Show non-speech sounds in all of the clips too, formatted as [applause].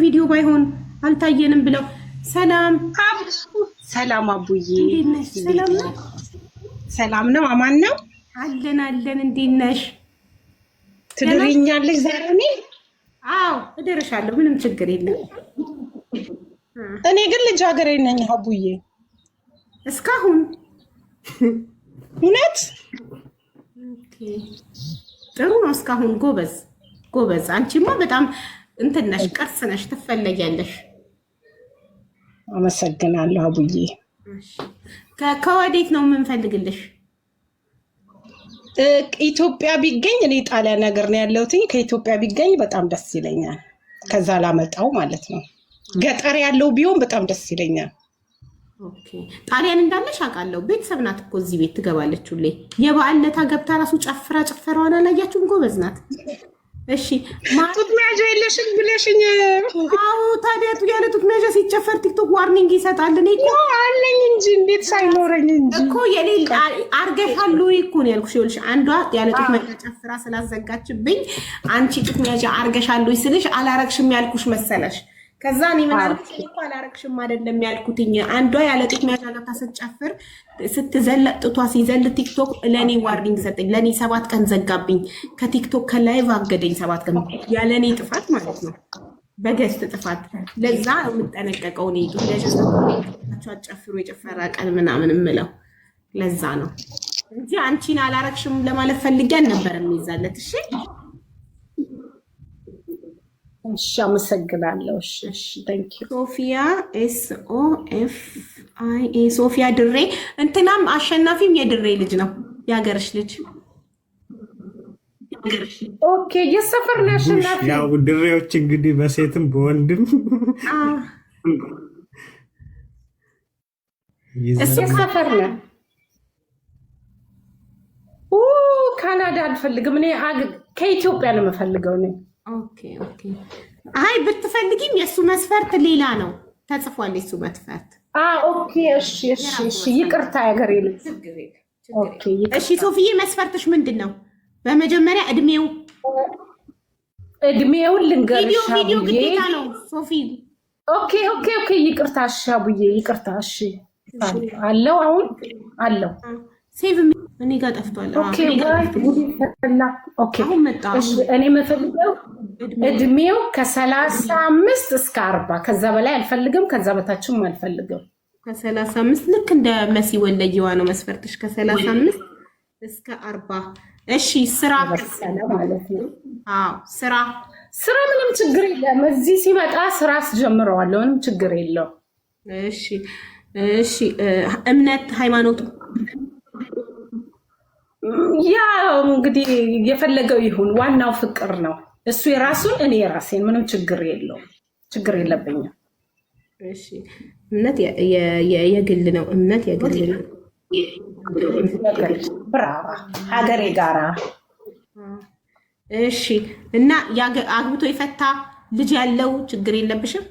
በቪዲዮ ባይሆን አልታየንም ብለው ሰላም ሰላም፣ አቡዬ ሰላም ነው። አማን ነው አለን አለን። እንዴት ነሽ? ትድርኛለሽ ዛሬ? እኔ አዎ እደርሻለሁ፣ ምንም ችግር የለም። እኔ ግን ልጅ ነኝ አቡዬ እስካሁን እውነት ጥሩ ነው። እስካሁን ጎበዝ ጎበዝ። አንቺማ በጣም እንትነሽ ቅርስ ነሽ፣ ትፈለጊያለሽ። አመሰግናለሁ አቡዬ። ከወዴት ነው የምንፈልግልሽ? ኢትዮጵያ ቢገኝ እኔ ጣሊያን ነገር ነው ያለሁት። ከኢትዮጵያ ቢገኝ በጣም ደስ ይለኛል። ከዛ ላመጣው ማለት ነው። ገጠር ያለው ቢሆን በጣም ደስ ይለኛል። ጣሊያን እንዳለሽ አውቃለሁ። ቤተሰብ ናት እኮ እዚህ ቤት ትገባለች ሁሌ። የበዓል ዕለት ገብታ ራሱ ጨፍራ ጨፈራዋን አላያችሁም? ጎበዝ ናት። እሺ ጡት መያዣ የለሽም ብለሽኝ። አዎ ታዲያ ያለ ጡት መያዣ ሲቸፈር ቲክቶክ ዋርኒንግ ይሰጣል። እኔ እኮ አለኝ እንጂ እንዴት ሳይኖረኝ እንጂ እኮ የኔ አርገሻሉ ወይ እኮ ነው ያልኩሽ። ይኸውልሽ አንዷ ያለ ጡት መያዣ ጨፍራ ስላዘጋችብኝ አንቺ ጡት መያዣ አርገሻሉ ስልሽ አላረግሽም ያልኩሽ መሰለሽ ከዛ እኔ ምን አልኩሽ እኮ አላረግሽም አይደለም ያልኩትኝ። አንዷ ያለ ጥቅም ሚያሻለታ ስትጨፍር ስትዘለ ጥቷ ሲዘል ቲክቶክ ለእኔ ዋርኒንግ ሰጠኝ። ለእኔ ሰባት ቀን ዘጋብኝ ከቲክቶክ ከላይቭ አገደኝ ሰባት ቀን ያለ እኔ ጥፋት ማለት ነው፣ በገስት ጥፋት። ለዛ የምጠነቀቀው እኔ ጡት ለሽቸው አጨፍሩ የጨፈራ ቀን ምናምን የምለው ለዛ ነው እንጂ አንቺን አላረግሽም ለማለት ፈልጌ አልነበረም። ይዛለት እሺ እሺ አመሰግናለሁ። እሺ ታንክ ዩ ሶፊያ ኤስ ኦ ኤፍ አይ ኤ ሶፊያ ድሬ። እንትናም አሸናፊም የድሬ ልጅ ነው፣ የሀገርሽ ልጅ። ኦኬ የሰፈር ነው አሸናፊ። ያው ድሬዎች እንግዲህ በሴትም በወንድም የሰፈር ነው። ካናዳ አልፈልግም እኔ፣ ከኢትዮጵያ ነው የምፈልገው ነው اوكي اوكي هاي بتفعل دقيم يسو مسفرت اللي لانو تصفوا لي سو متفات اه اوكي اشي اشي اشي يكرتا يا غريل اوكي اشي صوفية مسفرتش من دنو بما جمرة ادميو ادميو اللي نقرش فيديو فيديو قديت انو صوفي اوكي اوكي اوكي يكرتا اشي ابو يكرتا اشي علو عون علو سيف مي እኔ ጋር ጠፍቷል። እኔ የምፈልገው እድሜው ከሰላሳ አምስት እስከ አርባ ከዛ በላይ አልፈልግም፣ ከዛ በታችም አልፈልግም። ከሰላሳ አምስት ልክ እንደ መሲ ወለየዋ ነው መስፈርትሽ፣ ከሰላሳ አምስት እስከ አርባ እሺ። ስራ ስራ ስራ ምንም ችግር የለም። እዚህ ሲመጣ ስራ አስጀምረዋለሁ። ምንም ችግር የለው። እሺ እሺ። እምነት ሃይማኖቱ ያ እንግዲህ የፈለገው ይሁን፣ ዋናው ፍቅር ነው። እሱ የራሱን እኔ የራሴን ምንም ችግር የለውም፣ ችግር የለብኝም። እምነት የግል ነው። እምነት የግል ነው። ብራባ ሀገሬ ጋራ እሺ። እና አግብቶ የፈታ ልጅ ያለው ችግር የለብሽም።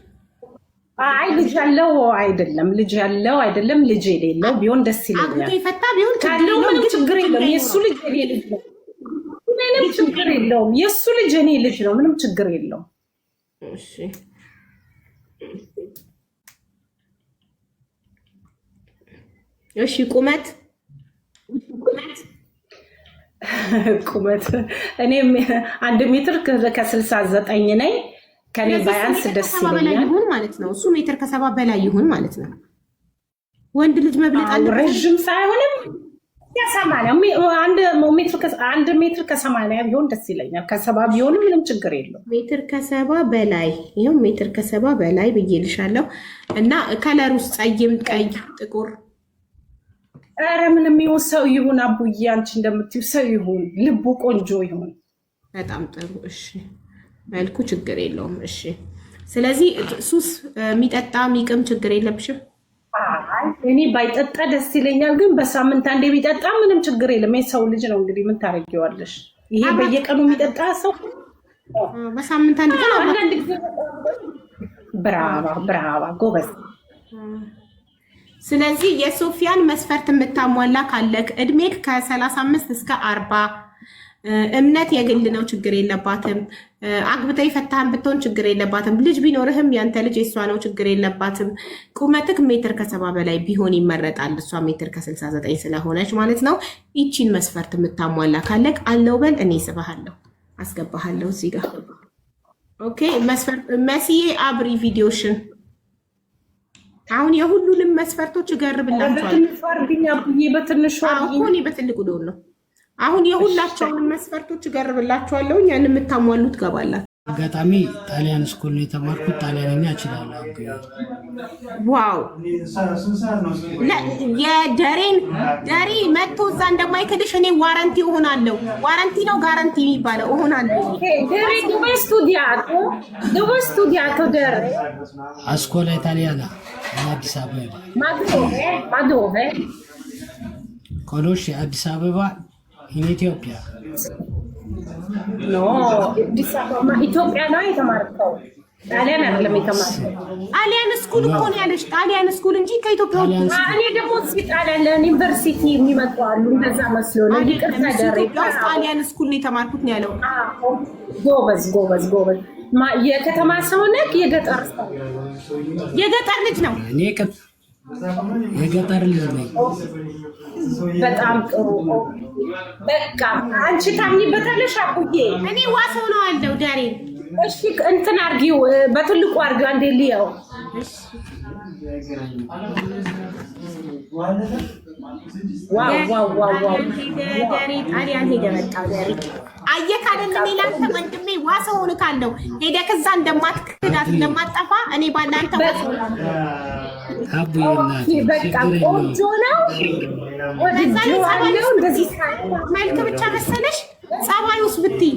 አይ ልጅ ያለው አይደለም፣ ልጅ ያለው አይደለም፣ ልጅ የሌለው ቢሆን ደስ ይለኛል። ካለው ምን ችግር የለውም። የእሱ ልጅ እኔ ልጅ ነው፣ ምንም ችግር የለውም። የእሱ ልጅ እኔ ልጅ ነው፣ ምንም ችግር የለውም። እሺ ቁመት ቁመት እኔ አንድ ሜትር ከስልሳ ዘጠኝ ነኝ ከኔ ባያንስ ደስ ይለኛል ይሁን ማለት ነው። እሱ ሜትር ከሰባ በላይ ይሁን ማለት ነው። ወንድ ልጅ መብለጥ አለ ረዥም ሳይሆንም አንድ ሜትር ከሰማንያ ቢሆን ደስ ይለኛል። ከሰባ ቢሆን ምንም ችግር የለው። ሜትር ከሰባ በላይ ይኸው ሜትር ከሰባ በላይ ብዬልሻለሁ። እና ከለር ውስጥ ጸይም፣ ቀይ፣ ጥቁር ኧረ ምንም ይሁን ሰው ይሁን አቡዬ፣ አንቺ እንደምትይው ሰው ይሁን ልቡ ቆንጆ ይሁን። በጣም ጥሩ እሺ። መልኩ ችግር የለውም። እሺ። ስለዚህ ሱስ የሚጠጣ የሚቅም ችግር የለብሽም። እኔ ባይጠጣ ደስ ይለኛል፣ ግን በሳምንት አንዴ ቢጠጣ ምንም ችግር የለም። የሰው ልጅ ነው እንግዲህ ምን ታደርጊዋለሽ? ይሄ በየቀኑ የሚጠጣ ሰው በሳምንት አንድ ቀን አንዳንድ ጊዜ ጎበዝ። ስለዚህ የሶፊያን መስፈርት የምታሟላ ካለክ እድሜ ከሰላሳ አምስት እስከ አርባ እምነት የግል ነው፣ ችግር የለባትም። አግብተ ፈታህን ብትሆን ችግር የለባትም። ልጅ ቢኖርህም ያንተ ልጅ የሷ ነው፣ ችግር የለባትም። ቁመትክ ሜትር ከሰባ በላይ ቢሆን ይመረጣል። እሷ ሜትር ከ69 ስለሆነች ማለት ነው። ይቺን መስፈርት የምታሟላ ካለቅ አለው በል እኔ ስበሃለሁ፣ አስገባሃለሁ እዚህ ጋር ኦኬ። መስዬ አብሪ ቪዲዮሽን። አሁን የሁሉንም መስፈርቶች እገርብላቸዋለሁ። በትንሹ በትልቁ ደውል ነው አሁን የሁላቸውንም መስፈርቶች እገርብላችኋለሁ። ያን የምታሟሉ ትገባላችሁ። አጋጣሚ ጣሊያን ስኩል ነው የተማርኩት። ጣሊያንኛ እችላለሁ። ዋው! የደሬን ደሬ መጥቶ እዛ እንደማይክልሽ እኔ ዋረንቲ እሆናለሁ። ዋረንቲ ነው ጋረንቲ የሚባለው እሆናለሁ። አስኮላ ኢታሊያና አዲስ አበባ ኮሎሽ የአዲስ አበባ ኢትዮጵያ ኢትዮጵያ ነው የተማርከው? ጣሊያን አይደለም የተማርከው? ጣሊያን ስኩል እኮ ነው ጣሊያን ስኩል እንጂ ከኢትዮጵያ እኔ ደግሞ እስኪ ጣሊያን ዩኒቨርሲቲ የሚመጡ አሉ፣ እንደዛ መስሎ ነው። ይቅርታ ጣሊያን ስኩል ነው የተማርኩት ነው ያለው። ጎበዝ ጎበዝ ጎበዝ። የከተማ ሰው ነህ? የገጠር የገጠር ልጅ ነው። የገጠር ልጅ ነኝ። በጣም ጥሩ። በቃ አንቺ ታምኝበታለሽ አቡዬ። እኔ ዋሰው ነው አለው ዳሬ። እሺ እንትን አርጊው፣ በትልቁ አርጊው። አንዴ ልየው ጣሊያን ሄደ መጣ አየህ አይደለም? ሌላንተ ወንድሜ ዋሰው እልካለሁ። ሄደህ ከዛ እንደማትክዳት እንደማትጠፋ እኔ ባላንተ ዋሰው በቃ ቆንጆ ነው። መልክ ብቻ መሰለሽ ጸባይ ውስጥ ብትይ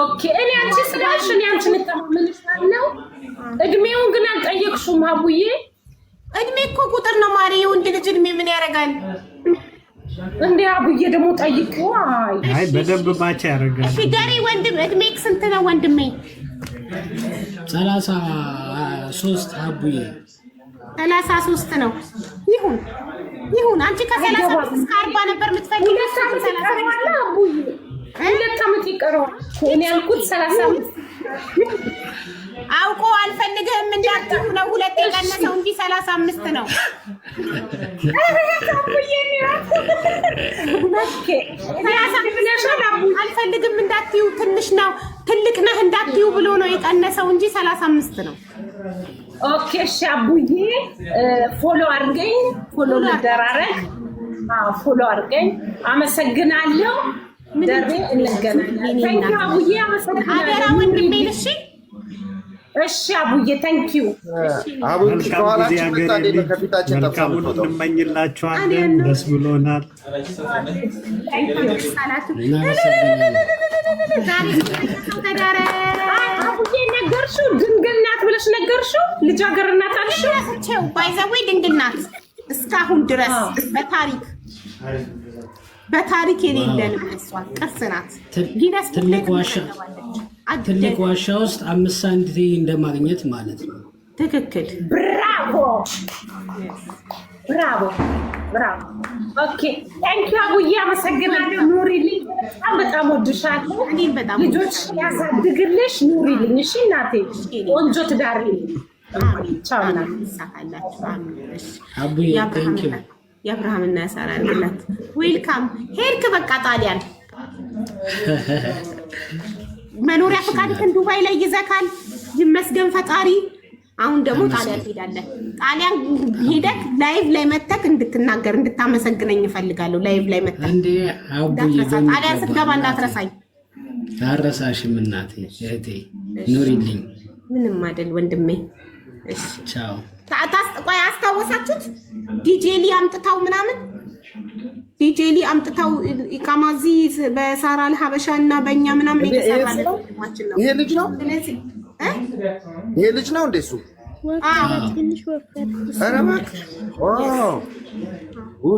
ኦኬ። እኔ አንቺ ስላልሽ እኔ አንቺ እንተማመንሻለሁ። እድሜውን ግን አልጠየቅሽም አቡዬ። እድሜ እኮ ቁጥር ነው ማሪ። የወንድ ልጅ እድሜ ምን ያደርጋል? እንዴ አቡዬ ደግሞ ጠይቁ። አይ በደንብ ማቻ ያደርጋል። እሺ ገሪ ወንድም እድሜ ስንት ነው ወንድሜ? ሰላሳ ሶስት አቡዬ ሰላሳ ሶስት ነው። ይሁን ይሁን። አንቺ ከሰላሳ እስከ አርባ ነበር የምትፈልጊው። ሁለት ዓመት ይቀረዋል። እኔ አውቆ አልፈልግህም እንዳትሉ ነው። ሁለት የቀነሰው እንጂ ሰላሳ አምስት ነው። አልፈልግም እንዳትዩ ትንሽ ነው ትልቅ ነህ እንዳትዩ ብሎ ነው የቀነሰው እንጂ ሰላሳ አምስት ነው። ኦኬ እሺ፣ አቡዬ ፎሎ አድርገኝ፣ ፎሎ እንደራረግ፣ ፎሎ አድርገኝ። አመሰግናለሁ። ደርቤ እንገናኛለን። አቡዬ አመሰግናለሁ። ወንድሜ እሺ፣ እሺ አቡዬ ፎሎ አድርገኝ ፎሎ እንደራረግ ፎሎ አድርገኝ አመሰግናለሁ ደርቤ እንገናኛለን አቡዬ አመሰግናለሁ እሺ አቡዬ ታንኪዩ መልካሙን እንመኝላችኋለን። ደስ ብሎናል። ተዳረ ብዬ ነገርሽው? ድንግል ናት ብለሽ ነገርሽው? ልጃገረድ ናት አልሽው? ባይ ዘ ወይ ድንግል ናት እስካሁን ድረስ በታሪክ በታሪክ የሌለንም እሷ ቅርስ ናት። ጊነስ ትልቅ ዋሻ ውስጥ አምስት ሳንቲም እንደማግኘት ማለት ነው። ትክክል። ብራቮ ብራቦ ብራቦ። ኦኬ ታንኪ አቡዬ፣ አመሰግናለሁ። ኑሪልኝ። በጣም በጣም ወድሻለሁ። ልጆች ያሳድግልሽ። ኑሪልኝ። እሺ እናቴ፣ ቆንጆ ትዳር የአብርሃምና የሳራ ያርግላት። ዌልካም ሄድክ። በቃ ጣሊያን [laughs] መኖሪያ ፈቃድህን ዱባይ ላይ ይዘካል። ይመስገን ፈጣሪ። አሁን ደግሞ ጣሊያን ትሄዳለህ። ጣሊያን ሄደህ ላይቭ ላይ መተክ እንድትናገር እንድታመሰግነኝ እፈልጋለሁ። ላይቭ ላይ መተህ ጣሊያን ስትገባ እንዳትረሳኝ። አረሳሽም እናቴ እህቴ፣ ኑሪልኝ። ምንም አይደል ወንድሜ። ቆይ አስታወሳችሁት? ዲጄሊ አምጥታው ምናምን ዲጄሊ አምጥታው ኢቃማዚ በሳራ አል እና በእኛ ምናምን የተሰራ ነው። ይሄ ልጅ ነው ይሄ ልጅ ነው እንዴ? እሱ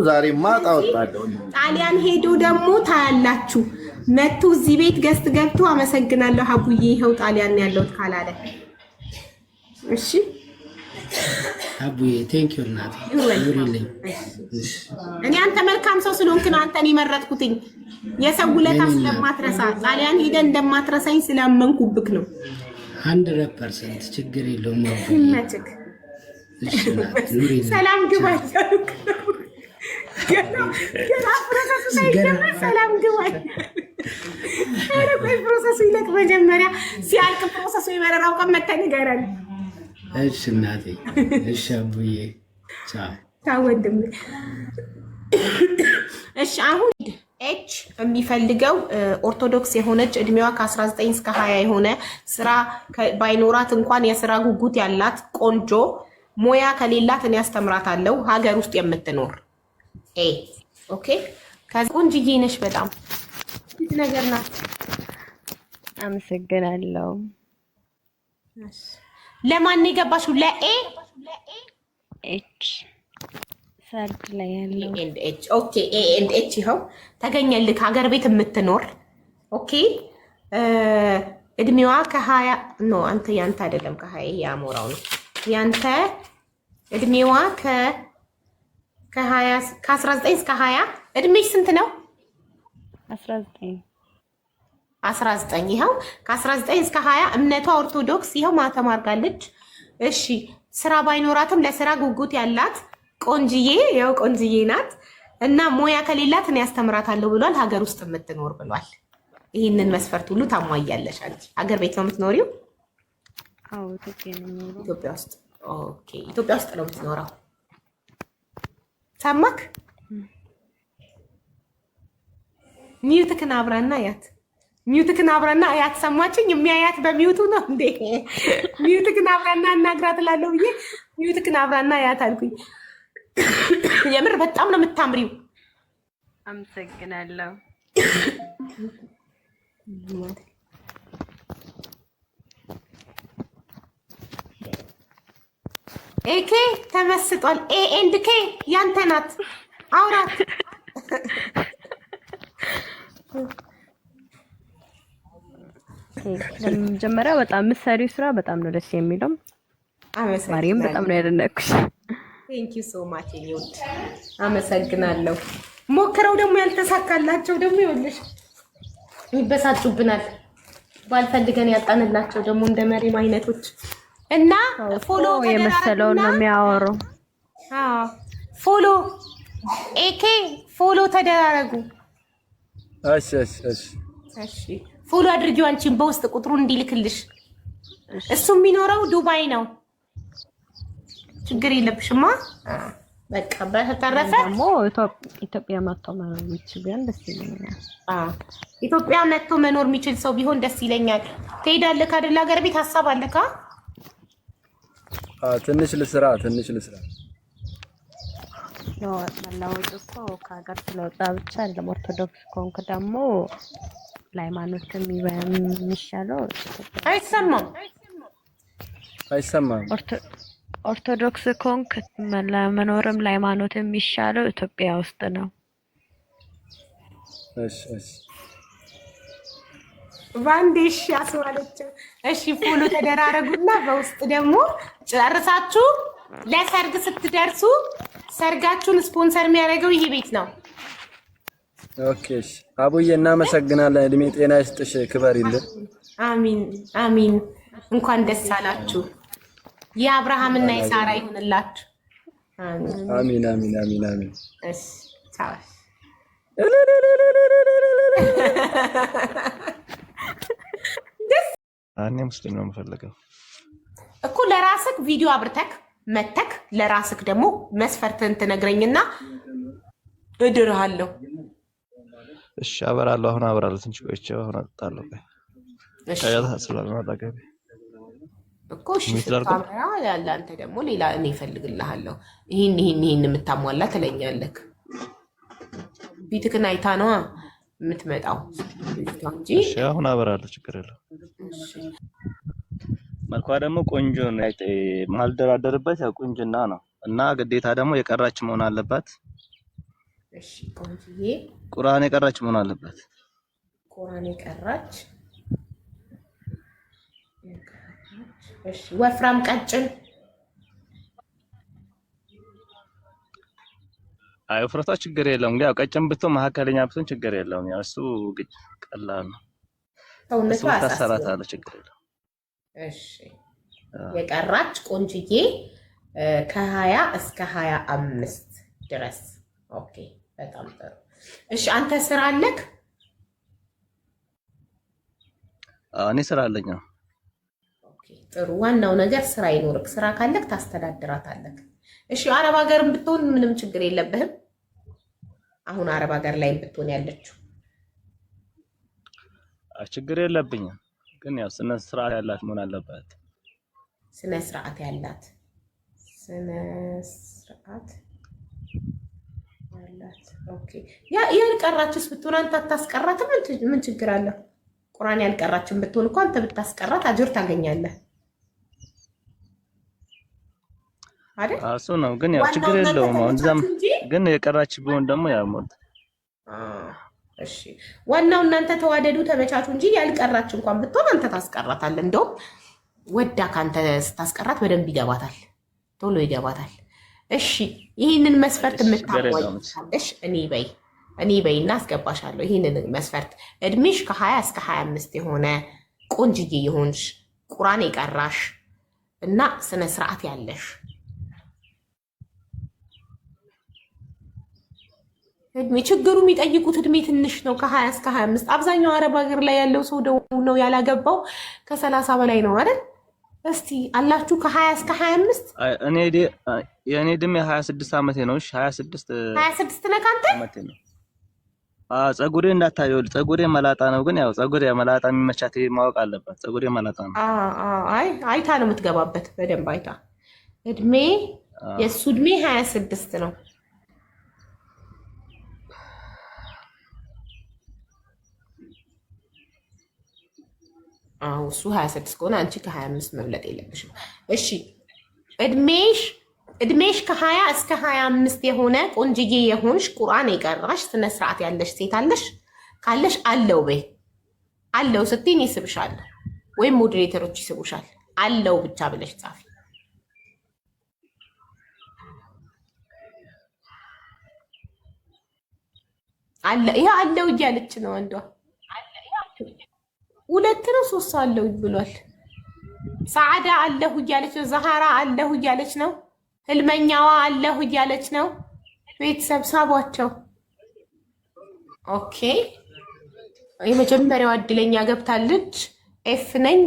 ዛሬ ማጣ ወጣለሁ። ጣሊያን ሄዶ ደግሞ ታያላችሁ። መቶ እዚህ ቤት ገስት ገብቶ አመሰግናለሁ አቡዬ፣ ይኸው ጣሊያን ያለሁት ካላለ እሺ አቡዬ ቴንክ ዩ እናቴ። እኔ አንተ መልካም ሰው ስለሆንክ ነው አንተን የመረጥኩትኝ። የሰው ውለታ ስለማትረሳ ጣሊያን ሄደ እንደማትረሳኝ ስላመንኩብክ ነው። ሀንድረድ ፐርሰንት ችግር የለውም። [laughs] ሰላም ግባ ሰላም ግባ። ቆይ ፕሮሰሱ ይለቅ መጀመሪያ ሲያልቅ ፕሮሰሱ ይመረራው ቀን መተህ ንገረን። እሺ እናቴ፣ እሺ አቡዬ፣ ቻው ወንድሜ። እሺ አሁን ኤች የሚፈልገው ኦርቶዶክስ የሆነች እድሜዋ ከ19 እስከ 20 የሆነ ስራ ባይኖራት እንኳን የስራ ጉጉት ያላት ቆንጆ ሙያ ከሌላት እኔ አስተምራታለሁ ሀገር ውስጥ የምትኖር ኤ ኦኬ። ቆንጅዬ ነሽ በጣም ፊት ነገር ናት። አመሰግናለሁ። ለማን የገባሽው? ለኤ ኤች ፈርድ ላይ ያለው ኤ ኤንድ ኤች ይኸው ተገኘልክ። ሀገር ቤት የምትኖር ኦኬ። እድሜዋ ከሀያ ኖ አንተ ያንተ አይደለም ከሀያ የአሞራው ነው ያንተ እድሜዋ ከ ከሀያ ከአስራ ዘጠኝ እስከ ሀያ እድሜሽ ስንት ነው? አስራ ዘጠኝ አስራ ዘጠኝ ይኸው ከአስራ ዘጠኝ እስከ ሀያ እምነቷ ኦርቶዶክስ ይኸው ማተም አድርጋለች። እሺ ስራ ባይኖራትም ለስራ ጉጉት ያላት ቆንጅዬ ያው ቆንጅዬ ናት እና ሙያ ከሌላት እኔ ያስተምራታለሁ ብሏል። ሀገር ውስጥ የምትኖር ብሏል። ይህንን መስፈርት ሁሉ ታሟያለሽ አንቺ። ሀገር ቤት ነው የምትኖሪው? ኢትዮጵያ ውስጥ። ኢትዮጵያ ውስጥ ነው የምትኖረው። ሰማክ ሚዩትክን አብራና ያት ሚዩትክን አብራና አያት ሰማችኝ። የሚያያት በሚዩቱ ነው እንዴ? [laughs] ሚዩትክን አብራና እናግራ ትላለሁ ብዬ ሚዩትክን አብራና አያት አልኩኝ። የምር በጣም ነው የምታምሪው። አመሰግናለሁ። ኤኬ ተመስጧል። ኤ ኤንድ ኬ ያንተ ናት። አውራት መጀመሪያ በጣም ምሳሌ ስራ በጣም ነው ደስ የሚለው። ማሪም በጣም ነው ያደነቅኩሽ። ቴንክ ሶ ማች ኒውድ አመሰግናለሁ። ሞክረው ደግሞ ያልተሳካላቸው ደግሞ ይኸውልሽ ይበሳጩብናል። ባልፈልገን ያጣንላቸው ደግሞ እንደ መሪም አይነቶች እና ፎሎ የመሰለውን ነው የሚያወሩ። ፎሎ ኤኬ ፎሎ ተደራረጉ። ፎሎ አድርጊው አንቺን በውስጥ ቁጥሩ እንዲልክልሽ። እሱ የሚኖረው ዱባይ ነው። ችግር የለብሽማ። በቃ በተረፈ ደግሞ ኢትዮጵያ መጥቶ መኖር የሚችል ቢሆን ደስ ይለኛል። ኢትዮጵያ መጥቶ መኖር የሚችል ሰው ቢሆን ደስ ይለኛል። ትሄዳለህ አይደል? ሀገር ቤት ሀሳብ አለካ? ትንሽ ልስራ ትንሽ ልስራ። መለወጥ እኮ ከሀገር ስለወጣ ብቻ አይደለም። ኦርቶዶክስ ከሆንክ ደግሞ ለሃይማኖት የሚሻለው አይሰማም አይሰማም ኦርቶዶክስ ኮንክ ለመኖርም ለሃይማኖት የሚሻለው ኢትዮጵያ ውስጥ ነው። ባንዴ እሺ አስባለችው። እሺ ፉሉ ተደራረጉና በውስጥ ደግሞ ጨርሳችሁ ለሰርግ ስትደርሱ ሰርጋችሁን ስፖንሰር የሚያደርገው ይሄ ቤት ነው። ኦኬ አቡዬ እናመሰግናለን። እድሜ ጤና ይስጥሽ፣ ይልን። አሚን አሚን። እንኳን ደስ አላችሁ። የአብርሃምና የሳራ ይሁንላችሁ። አሚን አሚን አሚን አሚን። እኔ ሙስሊም ነው የምፈልገው እኮ ለራስክ ቪዲዮ አብርተክ መተክ ለራስክ ደግሞ መስፈርትን ትነግረኝና እድርሃለሁ። እሺ አበራለሁ። አሁን አበራለሁ። ትንሽ ቆይቼ አሁን አጣለሁ። እኮ እሺ ደግሞ ሌላ እኔ እፈልግልሃለሁ። ይህን ይህን ይህን የምታሟላ ትለኛለህ። ቢትክን አይታ ነዋ የምትመጣው እንጂ አሁን አበራለሁ፣ ችግር የለም። መልኳ ደግሞ ቆንጆ ማልደራደርበት ያው ቁንጅና ነው እና ግዴታ ደግሞ የቀራች መሆን አለባት። ቁርአን የቀራች መሆን አለባት። ቁርአን የቀራች ወፍራም ቀጭን? አይ ወፍረቷ ችግር የለውም። ያው ቀጭን ብትሆን መካከለኛ ብትሆን ችግር የለውም። ያው እሱ ግጭ ቀላል ነው። ሰውነቷ ታሰራታለ፣ ችግር የለውም። እሺ የቀራች ቆንጅዬ ከሀያ እስከ ሀያ አምስት ድረስ ኦኬ። በጣም ጥሩ። እሺ አንተ ስራ አለክ? እኔ ስራ አለኝ። ጥሩ። ዋናው ነገር ስራ ይኖርክ። ስራ ካለክ ታስተዳድራታለክ። እሺ፣ አረብ ሀገርም ብትሆን ምንም ችግር የለብህም። አሁን አረብ ሀገር ላይም ብትሆን ያለችው ችግር የለብኝም። ግን ያው ስነ ስርዓት ያላት መሆን አለበት። ስነ ስርዓት ያላት ስነ ስርዓት ያላት። ኦኬ። ያ ያልቀራችስ ብትሆን አንተ አታስቀራትም? ምን ችግር አለ? ቁርአን ያልቀራችን ብትሆን እኮ አንተ ብታስቀራት አጅር ታገኛለህ። አይደል? እሱ ነው። ግን ያው ችግር የለውም። አሁን እዛም ግን የቀራች ቢሆን ደግሞ ያው ሞት እሺ ዋናው እናንተ ተዋደዱ ተመቻቹ እንጂ ያልቀራች እንኳን ብትሆን አንተ ታስቀራታለህ። እንደውም ወዳ ካንተ ስታስቀራት በደንብ ይገባታል፣ ቶሎ ይገባታል። እሺ ይህንን መስፈርት የምታሟላለሽ እኔ በይ እኔ በይና አስገባሻለሁ። ይህንን መስፈርት እድሜሽ ከሀያ እስከ ሀያ አምስት የሆነ ቆንጅዬ የሆንሽ ቁራን የቀራሽ እና ስነ ስርዓት ያለሽ እድሜ ችግሩ የሚጠይቁት እድሜ ትንሽ ነው፣ ከሀያ እስከ ሀያ አምስት አብዛኛው አረብ ሀገር ላይ ያለው ሰው ደው ነው ያላገባው ከሰላሳ በላይ ነው አይደል? እስቲ አላችሁ ከሀያ እስከ ሀያ አምስት የእኔ እድሜ ሀያ ስድስት ዓመቴ ነው። ሀያ ስድስት ሀያ ስድስት ነህ ከአንተ ጸጉሬ እንዳታየው ጸጉሬ መላጣ ነው። ግን ያው ጸጉሬ መላጣ የሚመቻት ማወቅ አለባት። ጸጉሬ መላጣ ነው። አይ አይታ ነው የምትገባበት፣ በደንብ አይታ እድሜ የእሱ እድሜ ሀያ ስድስት ነው። አሁን እሱ ሀያ ስድስት ከሆነ አንቺ ከሀያ አምስት መብለጥ የለብሽም። እሺ እድሜሽ እድሜሽ ከሀያ እስከ ሀያ አምስት የሆነ ቆንጅዬ የሆንሽ ቁርአን የቀራሽ ስነ ስርዓት ያለሽ ሴት አለሽ ካለሽ አለው በይ አለው ስትይኝ ይስብሻል፣ ወይም ሞዴሬተሮች ይስቡሻል። አለው ብቻ ብለሽ ጻፊ። ይሄ አለው እያለች ነው አንዷ ሁለት ነው ሶስት አለው ብሏል። ሰዓዳ አለሁ እያለች ነው። ዛሃራ አለሁ እያለች ነው። ህልመኛዋ አለሁ እያለች ነው። ቤተሰብ ሳቧቸው። ኦኬ የመጀመሪያው እድለኛ ገብታለች። ኤፍ ነኝ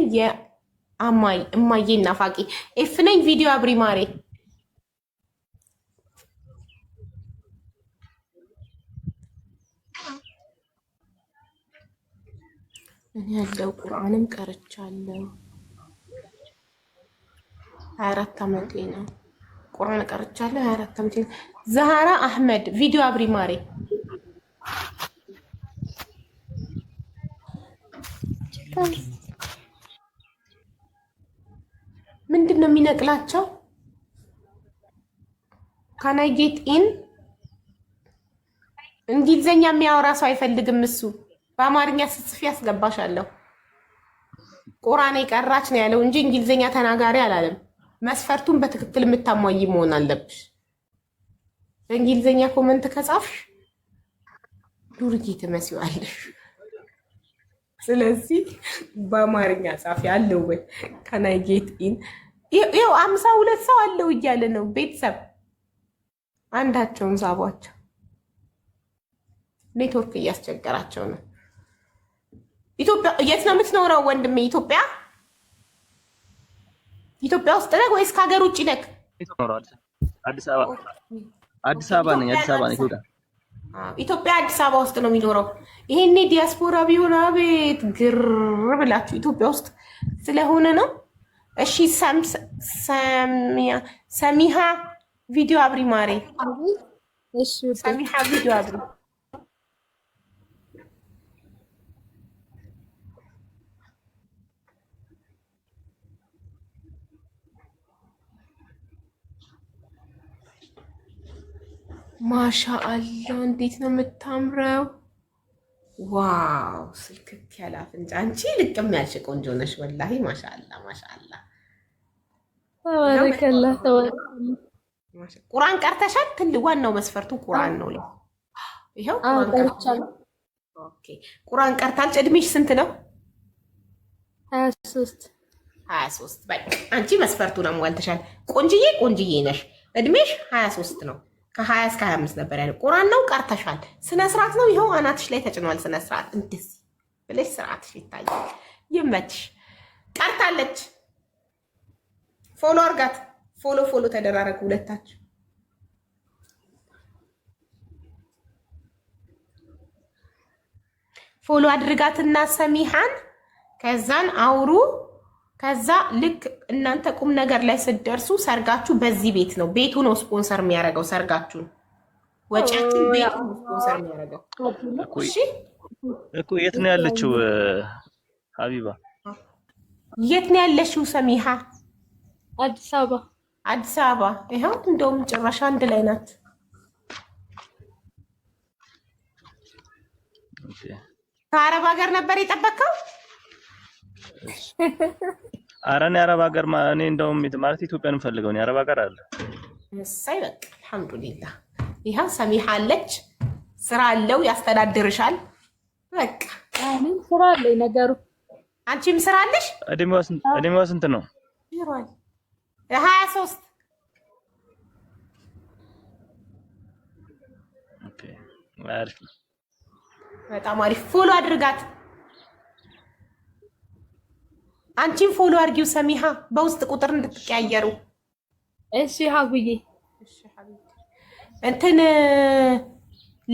እማዬና ፋቂ ኤፍ ነኝ ቪዲዮ አብሪ ማሬ እኔ ያለው ቁርአንም ቀርቻለሁ። ሀያ አራት አመቴ ነው። ቁርአን ቀርቻለሁ። ሀያ አራት አመቴ ነው። ዛህራ አህመድ ቪዲዮ አብሪ ማሬ ምንድን ነው የሚነቅላቸው? ካናይ ጌት ኢን እንግሊዘኛ የሚያወራ ሰው አይፈልግም እሱ በአማርኛ ስትጽፊ ያስገባሻለሁ። ቁራን የቀራች ነው ያለው እንጂ እንግሊዝኛ ተናጋሪ አላለም። መስፈርቱን በትክክል የምታሟይ መሆን አለብሽ። በእንግሊዝኛ ኮመንት ከጻፍሽ ዱርጌ ትመስያለሽ። ስለዚህ በአማርኛ ጻፊ አለው ወይ ከናይጌት ኢን አምሳ ሁለት ሰው አለው እያለ ነው። ቤተሰብ አንዳቸውን ሳቧቸው። ኔትወርክ እያስቸገራቸው ነው። ኢትዮጵያ የት ነው የምትኖረው ወንድሜ? ኢትዮጵያ ኢትዮጵያ ውስጥ ነህ ወይስ ከሀገር ውጭ ነህ? አዲስ አበባ ነኝ። አዲስ አበባ ነኝ። ኢትዮጵያ አዲስ አበባ ውስጥ ነው የሚኖረው። ይሄኔ ዲያስፖራ ቢሆን አቤት ግር ብላችሁ ኢትዮጵያ ውስጥ ስለሆነ ነው። እሺ ሰሚሃ ቪዲዮ አብሪ ማሬ፣ ሰሚሃ ቪዲዮ አብሪ ማሻ አላህ እንዴት ነው የምታምረው! ዋው ስልክክ ያለ አፍንጫ። አንቺ ልቅም ያልሽ ቆንጆ ነሽ ወላሂ። ማሻ አላህ ማሻ አላህ ተባረከላ። ቁርአን ቀርተሻል። ትል ዋናው መስፈርቱ ቁርአን ነው። ይኸው ቁርአን ቀርታለች። እድሜሽ ስንት ነው? ሀያ ሶስት ሀያ ሶስት በቃ አንቺ መስፈርቱን አሟልተሻል። ቆንጅዬ ቆንጅዬ ነሽ። እድሜሽ ሀያ ሶስት ነው። ከሀያ እስከ ሀያ አምስት ነበር ያለው። ቁራን ነው ቀርተሻል። ስነ ስርዓት ነው ይኸው አናትሽ ላይ ተጭኗል። ስነ ስርዓት እንደዚህ ብለሽ ስርዓትሽ ይታያል። ይመችሽ። ቀርታለች። ፎሎ አርጋት። ፎሎ ፎሎ ተደራረጉ ሁለታችሁ። ፎሎ አድርጋትና ሰሚሃን ከዛን አውሩ ከዛ ልክ እናንተ ቁም ነገር ላይ ስትደርሱ ሰርጋችሁ በዚህ ቤት ነው። ቤቱ ነው ስፖንሰር የሚያደርገው ሰርጋችሁን፣ ወጪያችን ቤቱ ነው ስፖንሰር የሚያደርገው። እኮ የት ነው ያለችው ሀቢባ? የት ነው ያለችው ሰሚሃ? አዲስ አበባ። አዲስ አበባ። ይኸው እንደውም ጭራሽ አንድ ላይ ናት። ከአረብ ሀገር ነበር የጠበቀው ኧረ እኔ አረብ ሀገር እኔ እንደውም ማለት ኢትዮጵያን እንፈልገው የአረብ ሀገር አለ መሳይ በቃ አልሐምዱሊላህ። ይህ ሰሚሃ አለች፣ ስራ አለው፣ ያስተዳድርሻል። በቃ እኔም ስራ አለኝ ነገሩ። አንቺም ስራ አለሽ። እድሜዋ ስንት ነው? ሀያ ሶስት በጣም አሪፍ ፎሎ አድርጋት። አንቺን ፎሎ አድርጊው ሰሚሃ፣ በውስጥ ቁጥር እንድትቀያየሩ እሺ። ሀጉዬ እንትን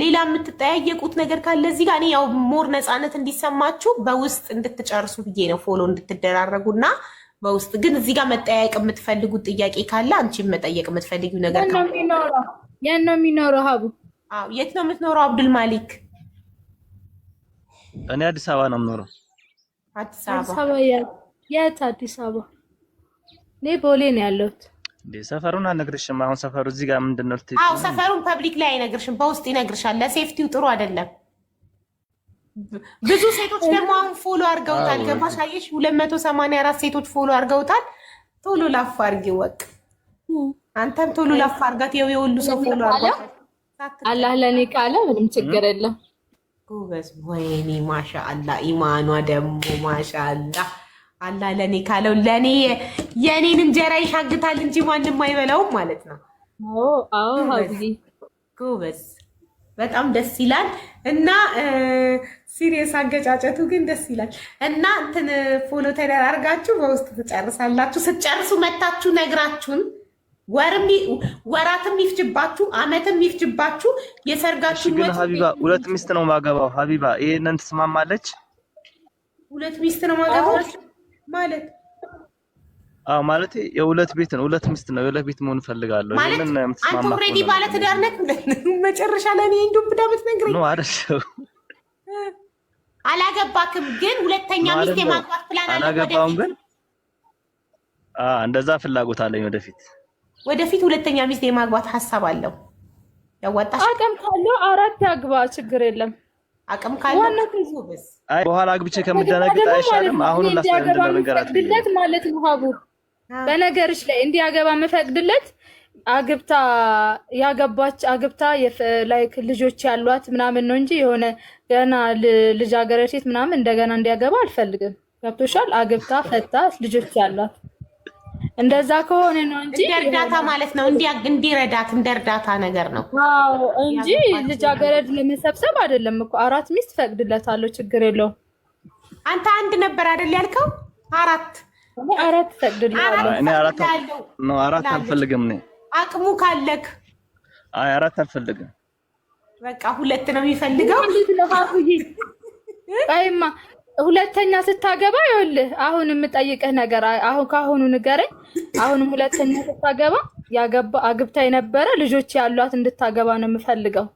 ሌላ የምትጠያየቁት ነገር ካለ እዚህ ጋር እኔ ያው ሞር ነፃነት እንዲሰማችሁ በውስጥ እንድትጨርሱ ብዬ ነው ፎሎ እንድትደራረጉ በውስጥ ግን እዚህ ጋር መጠያየቅ የምትፈልጉት ጥያቄ ካለ አንቺን መጠየቅ የምትፈልጊው ነገር የት ነው የሚኖረው? ሀቡ የት ነው የምትኖረው? አብዱል ማሊክ እኔ አዲስ አበባ ነው የምኖረው። አዲስ አበባ የት? አዲስ አበባ። እኔ ቦሌ ነው ያለሁት። ሰፈሩን አልነግርሽም። አሁን ሰፈሩ እዚህ ጋር ምንድን ነው? አዎ ሰፈሩን ፐብሊክ ላይ አይነግርሽም፣ በውስጥ ይነግርሻል። ለሴፍቲው ጥሩ አይደለም። ብዙ ሴቶች ደግሞ አሁን ፎሎ አድርገውታል። ገባሽ? አየሽ? ሁለት መቶ ሰማንያ አራት ሴቶች ፎሎ አድርገውታል። ቶሎ ላፍ አድርጊ ወቅ አንተም ቶሎ ላፍ አድርጋት። የው የሁሉ ሰው ፎሎ አድርጓት። አላህ ለእኔ ካለ ምንም ችግር የለም። ጎበዝ። ወይኔ ማሻአላ። ኢማኗ ደግሞ ማሻአላ አላ ለእኔ ካለው ለእኔ የእኔን እንጀራ ይሻግታል እንጂ ማንም አይበላውም ማለት ነው። ጎበዝ በጣም ደስ ይላል። እና ሲሪየስ አገጫጨቱ ግን ደስ ይላል። እና እንትን ፎሎ ተደራርጋችሁ በውስጥ ትጨርሳላችሁ። ስትጨርሱ መታችሁ ነግራችሁን። ወራትም ይፍጅባችሁ፣ አመትም ይፍጅባችሁ። የሰርጋችሁ ሀቢባ ሁለት ሚስት ነው ማገባው። ሀቢባ ይሄንን ትስማማለች? ሁለት ሚስት ነው ማገባው ማለት አዎ ማለት የሁለት ቤት ነው። ሁለት ሚስት ነው። የሁለት ቤት መሆን እፈልጋለሁ። ይሄንን አንተ ኦልሬዲ ባለ ትዳር ነህ። መጨረሻ ላይ እኔ እንደው ብዳ ብትነግረኝ ነው አይደል? አላገባክም፣ ግን ሁለተኛ ሚስት የማግባት ፕላን አለ። አላገባውም፣ ግን አዎ እንደዛ ፍላጎት አለኝ። ወደፊት ወደፊት ሁለተኛ ሚስት የማግባት ሀሳብ አለው። ያዋጣሽ አቅም ካለው አራት ያግባ፣ ችግር የለም። አቅም ካለ ብዙብስ በኋላ አግብቼ ከምደነግጥ አይሻልም? አሁን ላስተምድ ማለት ነው። ሀቡር በነገርሽ ላይ እንዲያገባ መፈቅድለት አግብታ ያገባች አግብታ ላይክ ልጆች ያሏት ምናምን ነው እንጂ የሆነ ገና ልጃገረድ ሴት ምናምን እንደገና እንዲያገባ አልፈልግም። ገብቶሻል? አግብታ ፈታ ልጆች ያሏት እንደዛ ከሆነ ነው እንጂ እንደ እርዳታ ማለት ነው፣ እንዲረዳት እንደ እርዳታ ነገር ነው እንጂ ልጃገረድ ለመሰብሰብ አይደለም እኮ። አራት ሚስት ፈቅድለታለሁ፣ ችግር የለውም። አንተ አንድ ነበር አይደል ያልከው? አራት አራት ፈቅድለታለሁ። አራት አልፈልግም እኔ አቅሙ ካለክ። አይ አራት አልፈልግም፣ በቃ ሁለት ነው የሚፈልገው። ቀይማ ሁለተኛ ስታገባ ይኸውልህ፣ አሁን የምጠይቅህ ነገር አሁን ከአሁኑ ንገረኝ። አሁንም ሁለተኛ ስታገባ ያገባ አግብታ የነበረ ልጆች ያሏት እንድታገባ ነው የምፈልገው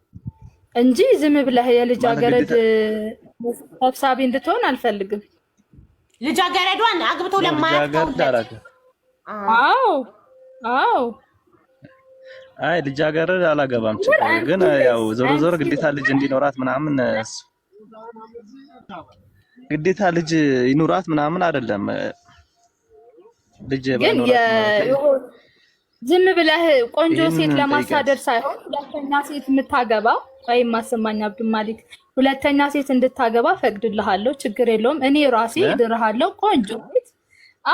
እንጂ ዝም ብለህ የልጅ አገረድ ሰብሳቢ እንድትሆን አልፈልግም። ልጅ አገረዷን አግብቶ ለማያውቀው አዎ፣ አዎ አይ ልጅ አገረድ አላገባም። ችግር ግን ያው ዞሮ ዞሮ ግዴታ ልጅ እንዲኖራት ምናምን ግዴታ ልጅ ይኑራት ምናምን አይደለም። ልጅ ዝም ብለህ ቆንጆ ሴት ለማሳደር ሳይሆን ሁለተኛ ሴት የምታገባ ወይም ማሰማኝ አብዱማሊክ ሁለተኛ ሴት እንድታገባ ፈቅድልሃለሁ፣ ችግር የለውም። እኔ ራሴ እድርሃለሁ። ቆንጆ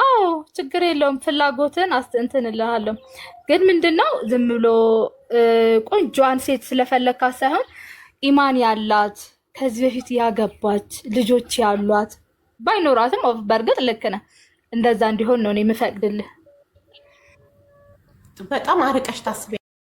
አዎ፣ ችግር የለውም። ፍላጎትን አስትንትንልሃለሁ። ግን ምንድነው ዝም ብሎ ቆንጆን ሴት ስለፈለግካ ሳይሆን ኢማን ያላት ከዚህ በፊት ያገባች ልጆች ያሏት ባይኖራትም፣ በእርግጥ ልክ ነህ። እንደዛ እንዲሆን ነው እኔ የምፈቅድልህ። በጣም አርቀሽ ታስቢ